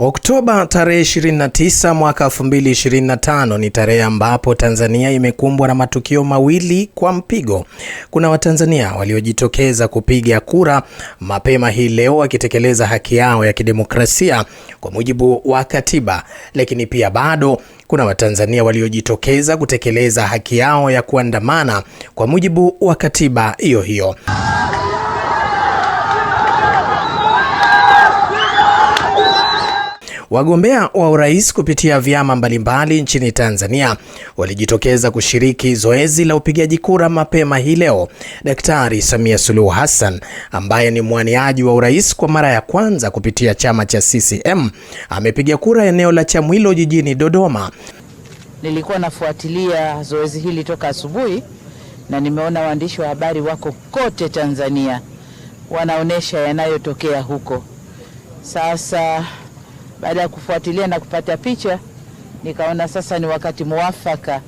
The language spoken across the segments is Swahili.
Oktoba tarehe 29 mwaka 2025 ni tarehe ambapo Tanzania imekumbwa na matukio mawili kwa mpigo. Kuna Watanzania waliojitokeza kupiga kura mapema hii leo wakitekeleza haki yao ya kidemokrasia kwa mujibu wa katiba, lakini pia bado kuna Watanzania waliojitokeza kutekeleza haki yao ya kuandamana kwa mujibu wa katiba hiyo hiyo. Wagombea wa urais kupitia vyama mbalimbali nchini Tanzania walijitokeza kushiriki zoezi la upigaji kura mapema hii leo. Daktari Samia Suluhu Hassan ambaye ni mwaniaji wa urais kwa mara ya kwanza kupitia chama cha CCM amepiga kura eneo la chamwilo jijini Dodoma. Nilikuwa nafuatilia zoezi hili toka asubuhi na nimeona waandishi wa habari wako kote Tanzania wanaonyesha yanayotokea huko. Sasa baada ya kufuatilia na kupata picha, nikaona sasa ni wakati muwafaka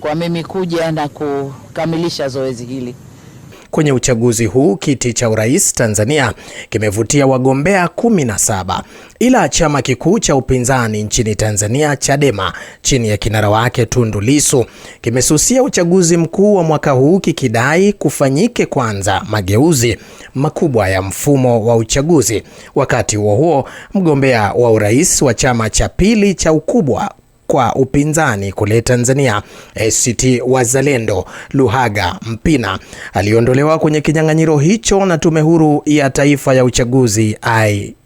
kwa mimi kuja na kukamilisha zoezi hili kwenye uchaguzi huu, kiti cha urais Tanzania kimevutia wagombea kumi na saba, ila chama kikuu cha upinzani nchini Tanzania Chadema chini ya kinara wake Tundu Lissu kimesusia uchaguzi mkuu wa mwaka huu kikidai kufanyike kwanza mageuzi makubwa ya mfumo wa uchaguzi. Wakati huo huo, mgombea wa urais wa chama cha pili cha ukubwa kwa upinzani kule Tanzania, ACT eh, Wazalendo Luhaga Mpina aliondolewa kwenye kinyang'anyiro hicho na Tume Huru ya Taifa ya Uchaguzi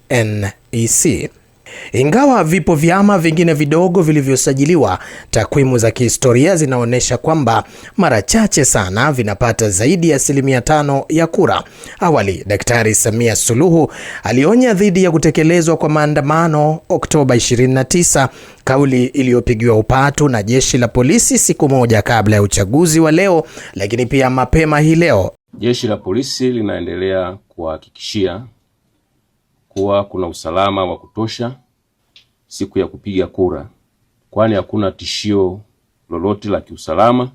INEC. Ingawa vipo vyama vingine vidogo vilivyosajiliwa, takwimu za kihistoria zinaonyesha kwamba mara chache sana vinapata zaidi ya asilimia tano ya kura. Awali, Daktari Samia Suluhu alionya dhidi ya kutekelezwa kwa maandamano Oktoba 29, kauli iliyopigiwa upatu na jeshi la polisi siku moja kabla ya uchaguzi wa leo, lakini pia mapema hii leo jeshi la polisi linaendelea kuhakikishia kuwa kuna usalama wa kutosha siku ya kupiga kura, kwani hakuna tishio lolote la kiusalama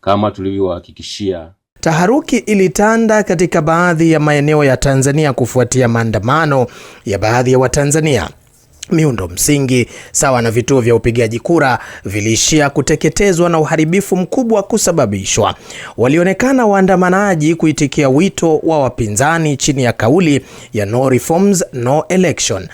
kama tulivyowahakikishia. Taharuki ilitanda katika baadhi ya maeneo ya Tanzania kufuatia maandamano ya baadhi ya Watanzania miundo msingi sawa na vituo vya upigaji kura viliishia kuteketezwa na uharibifu mkubwa kusababishwa. Walionekana waandamanaji kuitikia wito wa wapinzani chini ya kauli ya no reforms, no election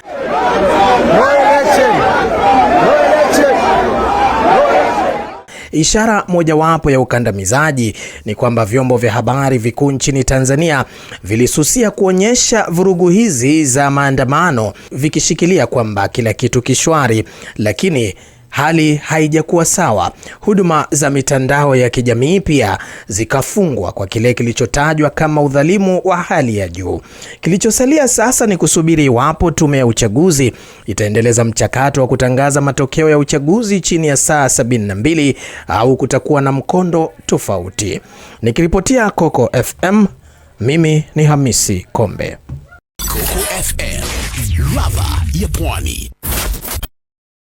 Ishara mojawapo ya ukandamizaji ni kwamba vyombo vya habari vikuu nchini Tanzania vilisusia kuonyesha vurugu hizi za maandamano, vikishikilia kwamba kila kitu kishwari, lakini hali haijakuwa sawa. Huduma za mitandao ya kijamii pia zikafungwa kwa kile kilichotajwa kama udhalimu wa hali ya juu. Kilichosalia sasa ni kusubiri iwapo tume ya uchaguzi itaendeleza mchakato wa kutangaza matokeo ya uchaguzi chini ya saa 72 au kutakuwa na mkondo tofauti. Nikiripotia Coco FM, mimi ni Hamisi Kombe, Coco FM, ladha ya Pwani.